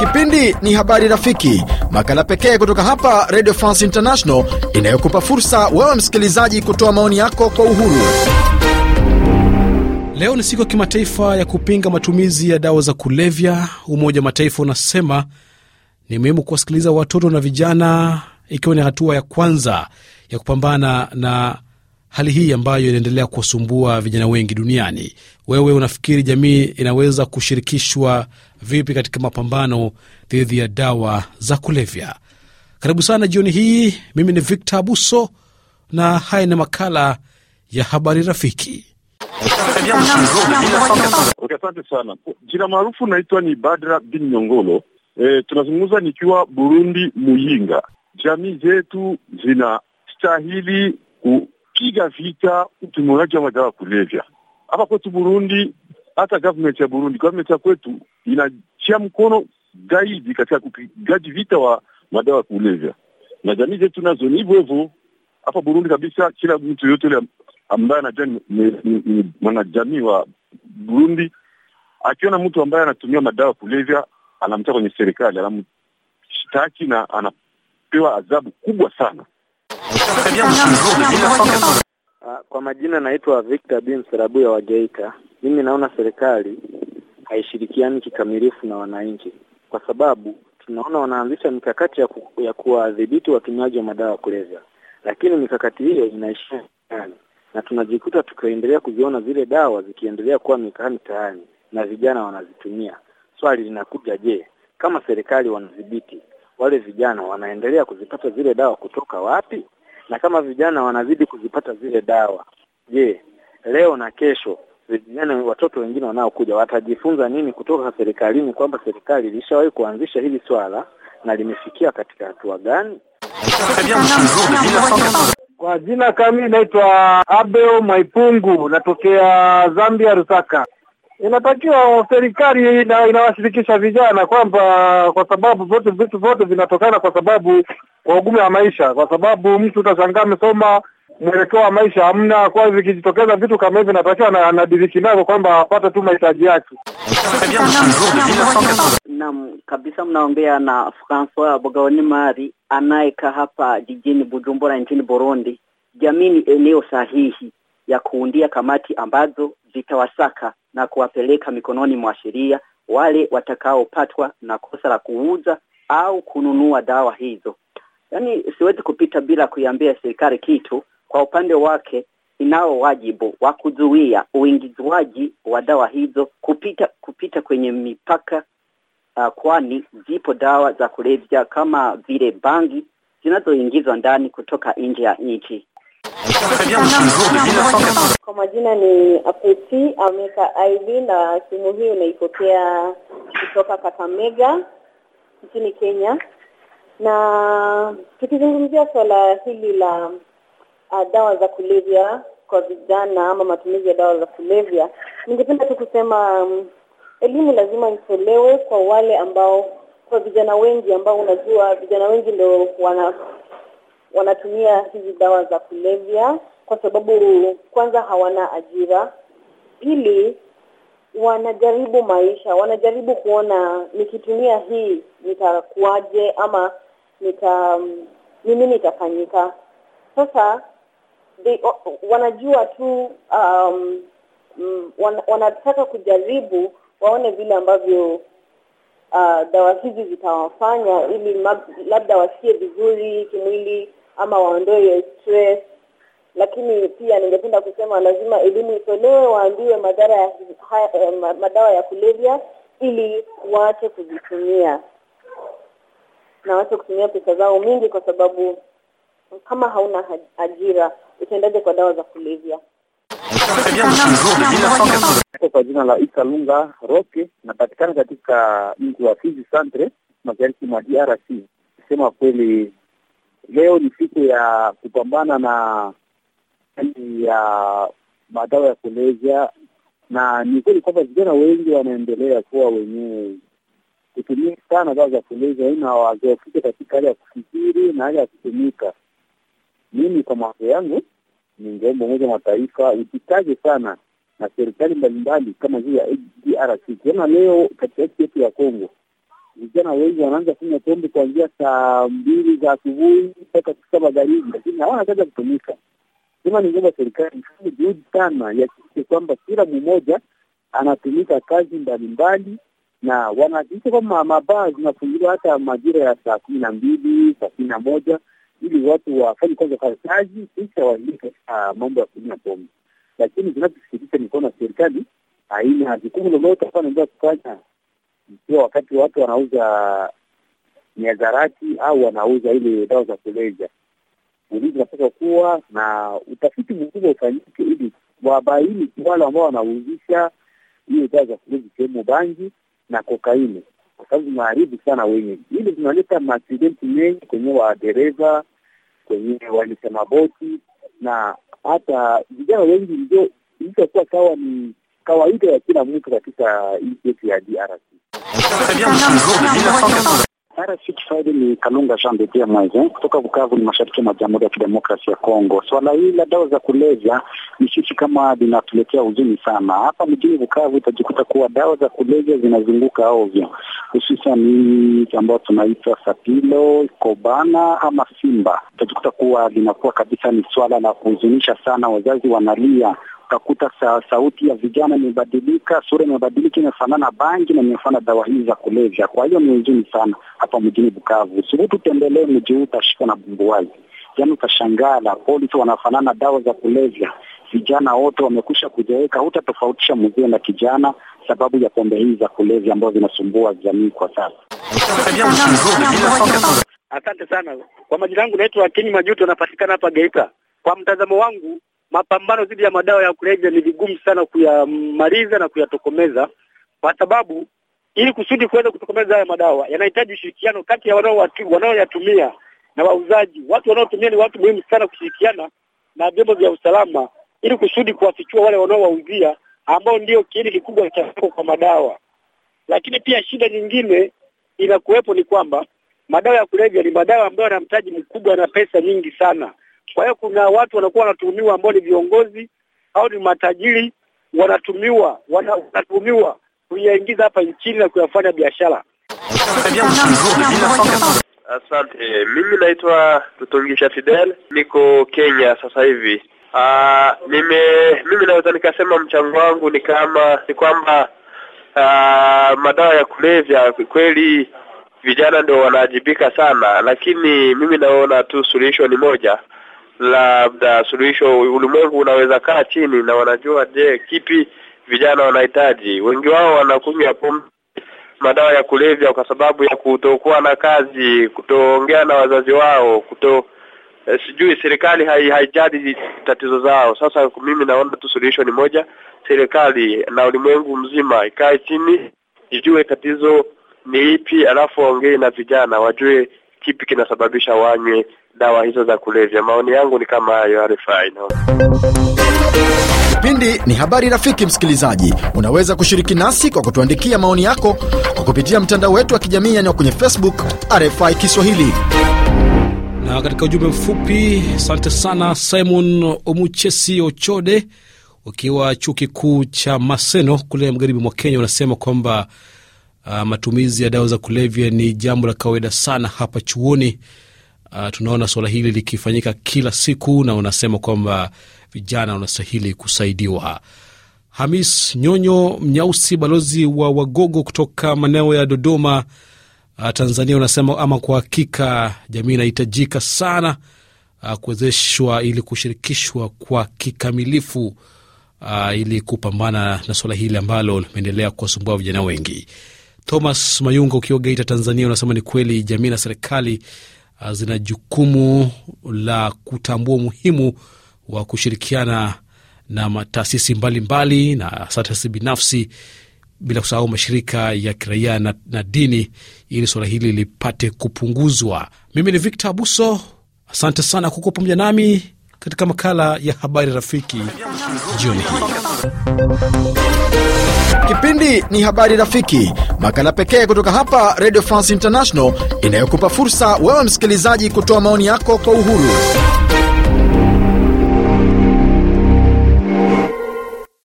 Kipindi ni Habari Rafiki, makala pekee kutoka hapa Radio France International inayokupa fursa wewe msikilizaji kutoa maoni yako kwa uhuru. Leo ni siku ya kimataifa ya kupinga matumizi ya dawa za kulevya. Umoja wa Mataifa unasema ni muhimu kuwasikiliza watoto na vijana, ikiwa ni hatua ya kwanza ya kupambana na hali hii ambayo inaendelea kuwasumbua vijana wengi duniani. Wewe unafikiri jamii inaweza kushirikishwa vipi katika mapambano dhidi ya dawa za kulevya? Karibu sana jioni hii. Mimi ni Victor Abuso na haya ni makala ya habari rafiki. Asante sana. Jina maarufu naitwa ni Badra bin Nyongolo. E, tunazungumza nikiwa Burundi, Muyinga. Jamii zetu zinastahili piga vita utumiaji wa madawa kulevya hapa kwetu Burundi. Hata government ya Burundi, government ya kwetu inachia mkono zaidi katika kupigaji vita wa madawa ya kulevya, na jamii zetu nazo ni hivyo hivyo hapa Burundi kabisa. Kila mtu yote yule ambaye anajua ni mwanajamii wa Burundi, akiona mtu ambaye anatumia madawa ya kulevya, anamtia kwenye serikali, anamshtaki na anapewa adhabu kubwa sana. Ah, kwa majina naitwa Victor bin Sarabuya ya Geita. Mimi naona serikali haishirikiani kikamilifu na wananchi, kwa sababu tunaona wanaanzisha mikakati ya, ku, ya kuwadhibiti watumiaji wa madawa ya kulevya, lakini mikakati hiyo inaishia mitaani na tunajikuta tukiendelea kuziona zile dawa zikiendelea kuwa mitaani na vijana wanazitumia. Swali linakuja, je, kama serikali wanadhibiti wale vijana wanaendelea kuzipata zile dawa kutoka wapi? na kama vijana wanazidi kuzipata zile dawa, je, leo na kesho vijana watoto wengine wanaokuja watajifunza nini kutoka serikalini, kwamba serikali ilishawahi kuanzisha hili swala na limefikia katika hatua gani? Kwa jina kamili naitwa Abel Maipungu, natokea Zambia, rusaka Inatakiwa serikali inawashirikisha vijana kwamba, kwa sababu vitu vyote vinatokana kwa sababu kwa ugumu wa maisha, kwa sababu mtu utashangaa amesoma mwelekeo wa maisha hamna. Kwa hivyo vikijitokeza vitu kama hivi, natakiwa anadiriki navyo kwamba apate tu mahitaji yake. Naam, kabisa. Mnaongea na Francois Bogaoni Mari anayekaa hapa jijini Bujumbura nchini Burundi. Jamii ni eneo sahihi ya kuundia kamati ambazo zitawasaka na kuwapeleka mikononi mwa sheria wale watakaopatwa na kosa la kuuza au kununua dawa hizo yani siwezi kupita bila kuiambia serikali kitu. Kwa upande wake inao wajibu wa kuzuia uingizwaji wa dawa hizo kupita kupita kwenye mipaka uh, kwani zipo dawa za kulevya kama vile bangi zinazoingizwa ndani kutoka nje ya nchi. Kwa majina ni Apeti Ameka Aidi, na simu hii unaipokea kutoka Kakamega nchini Kenya. Na tukizungumzia suala hili la uh, dawa za kulevya kwa vijana ama matumizi ya dawa za kulevya, ningependa tu kusema um, elimu lazima itolewe kwa wale ambao, kwa vijana wengi ambao, unajua vijana wengi ndo wana wanatumia hizi dawa za kulevya kwa sababu kwanza hawana ajira, pili wanajaribu maisha, wanajaribu kuona nikitumia hii nitakuwaje, ama nita mimi um, nitafanyika sasa they, o, wanajua tu um, mm, wan, wanataka kujaribu waone vile ambavyo uh, dawa hizi zitawafanya ili mab, labda wasie vizuri kimwili ama waondoe stress lakini pia ningependa kusema lazima elimu itolewe waambiwe madhara ya ha, eh, madawa ya kulevya ili waache kuzitumia na watu kutumia pesa zao mingi kwa sababu kama hauna ajira utaendaje kwa dawa za kulevya kwa jina la Ikalunga Roke, napatikana katika mji wa Fizi Centre, mashariki mwa DRC. Kusema kweli, leo ni siku ya kupambana na hali ya madawa ya kulevya, na ni kweli kwamba vijana wengi wanaendelea kuwa wenyewe kutumia sana dawa za kulevya ina waziwafike katika hali ya kufikiri na hali ya kutumika. Mimi kwa mawazo yangu, ningeomba Umoja wa Mataifa ipikaze sana na serikali mbalimbali kama hii ya DRC. Ukiona leo katika nchi yetu ya Kongo vijana wengi wanaanza kunywa pombe kuanzia saa mbili za asubuhi mpaka saa magharibi, lakini hawana kazi ya kutumika. Sema ningeomba serikali ifanye juhudi sana, yahakikishe kwamba kila mmoja anatumika kazi mbalimbali na wanahakikisha kwamba mabaa zinafunguliwa hata majira ya saa kumi na mbili saa kumi na moja ili watu wafanye kwanza kazi, kisha waingie katika ah, mambo ya kunywa pombe. Lakini kinachosikitisha ni kwamba serikali haina jukumu lolote ambayo inaweza kufanya ikiwa wakati watu wanauza mihadarati au wanauza ile dawa za kulevya. Ulinzi unapaswa kuwa na utafiti mkubwa ufanyike, ili wabaini wale ambao wanauzisha hiyo dawa za kulevya ikiwemo bangi na kokaini, kwa sababu maharibu sana wenye. Hili tunaleta maaksidenti mengi kwenye wadereva, kwenye walisha maboti na hata vijana wengi, ndio ilichokuwa sawa, ni kawaida ya kila mtu katika nchi yetu ya DRC. RFI Kiswahili ni Kalunga Jean de Dieu Mweze kutoka Bukavu, ni mashariki mwa Jamhuri ya Kidemokrasia ya Kongo. Swala hili la dawa za kulevya ni sisi kama linatuletea huzuni sana. Hapa mjini Bukavu itajikuta kuwa dawa za kulevya zinazunguka ovyo, hususan hii ambao tunaitwa Sapilo, Kobana ama Simba. Itajikuta kuwa linakuwa kabisa ni swala la kuhuzunisha sana, wazazi wanalia utakuta sa, sauti ya vijana imebadilika, sura imebadilika, imefanana bangi na imefana dawa hizi za kulevya. Kwa hiyo ni huzuni sana hapa mjini Bukavu. Subutu tembelee mji huu, utashika na bumbuazi, yaani utashangaa, la polisi wanafanana dawa za kulevya vijana wote wamekusha kujaweka, hutatofautisha mzee na kijana, sababu ya pombe hizi za kulevya ambazo zinasumbua jamii kwa sasa. Asante sana. Kwa majina yangu naitwa Kini Majuto, anapatikana hapa Geita. Kwa mtazamo wangu mapambano dhidi ya madawa ya kulevya ni vigumu sana kuyamaliza na kuyatokomeza, kwa sababu ili kusudi kuweza kutokomeza haya madawa yanahitaji ushirikiano kati ya wanaoyatumia na wauzaji. Watu wanaotumia ni watu muhimu sana kushirikiana na vyombo vya usalama ili kusudi kuwafichua wale wanaowauzia ambao ndio kiini kikubwa cha kwa madawa. Lakini pia shida nyingine inakuwepo ni kwamba madawa ya kulevya ni madawa ambayo yana mtaji mkubwa na pesa nyingi sana. Kwa hiyo kuna watu wanakuwa wanatuhumiwa ambao ni viongozi au ni matajiri, wanatumiwa wanatuhumiwa kuyaingiza hapa nchini na kuyafanya biashara. Asante. Mimi naitwa Tutungisha Fidel, niko Kenya sasa hivi. Aa, ah, nime, mimi naweza nikasema mchango wangu ni kama ni kwamba ah, madawa ya kulevya kweli vijana ndio wanaajibika sana, lakini mimi naona tu suluhisho ni moja labda suluhisho, ulimwengu unaweza kaa chini na wanajua, je, kipi vijana wanahitaji. Wengi wao wanakunywa pombe, madawa ya kulevya kwa sababu ya kutokuwa na kazi, kutoongea na wazazi wao, kuto eh, sijui serikali hai, haijadi tatizo zao. Sasa mimi naona tu suluhisho ni moja, serikali na ulimwengu mzima ikae chini, ijue tatizo ni ipi, alafu waongee na vijana, wajue kipi kinasababisha wanywe dawa hizo za kulevya. Maoni yangu ni kama hayo. Kipindi ni habari rafiki. Msikilizaji, unaweza kushiriki nasi kwa kutuandikia maoni yako kwa kupitia mtandao wetu wa kijamii yani kwenye Facebook RFI Kiswahili. Na katika ujumbe mfupi, asante sana Simon Omuchesi Ochode ukiwa chuo kikuu cha Maseno kule magharibi mwa Kenya, unasema kwamba uh, matumizi ya dawa za kulevya ni jambo la kawaida sana hapa chuoni uh, tunaona suala hili likifanyika kila siku na unasema kwamba vijana wanastahili kusaidiwa. Hamis Nyonyo Mnyausi, balozi wa Wagogo kutoka maeneo ya Dodoma, uh, Tanzania, unasema ama kwa hakika jamii inahitajika sana uh, kuwezeshwa ili kushirikishwa kwa kikamilifu uh, ili kupambana na suala hili ambalo limeendelea kuwasumbua vijana wengi. Thomas Mayunga ukiwa Geita, Tanzania, unasema ni kweli jamii na serikali Ah, zina jukumu la kutambua umuhimu wa kushirikiana na taasisi mbalimbali na taasisi binafsi bila kusahau mashirika ya kiraia na, na dini ili suala hili lipate kupunguzwa. Mimi ni Victor Abuso, asante sana kukuwa pamoja nami katika makala ya habari rafiki jioni hii. Kipindi ni habari rafiki, makala pekee kutoka hapa Radio France International inayokupa fursa wewe msikilizaji kutoa maoni yako kwa uhuru.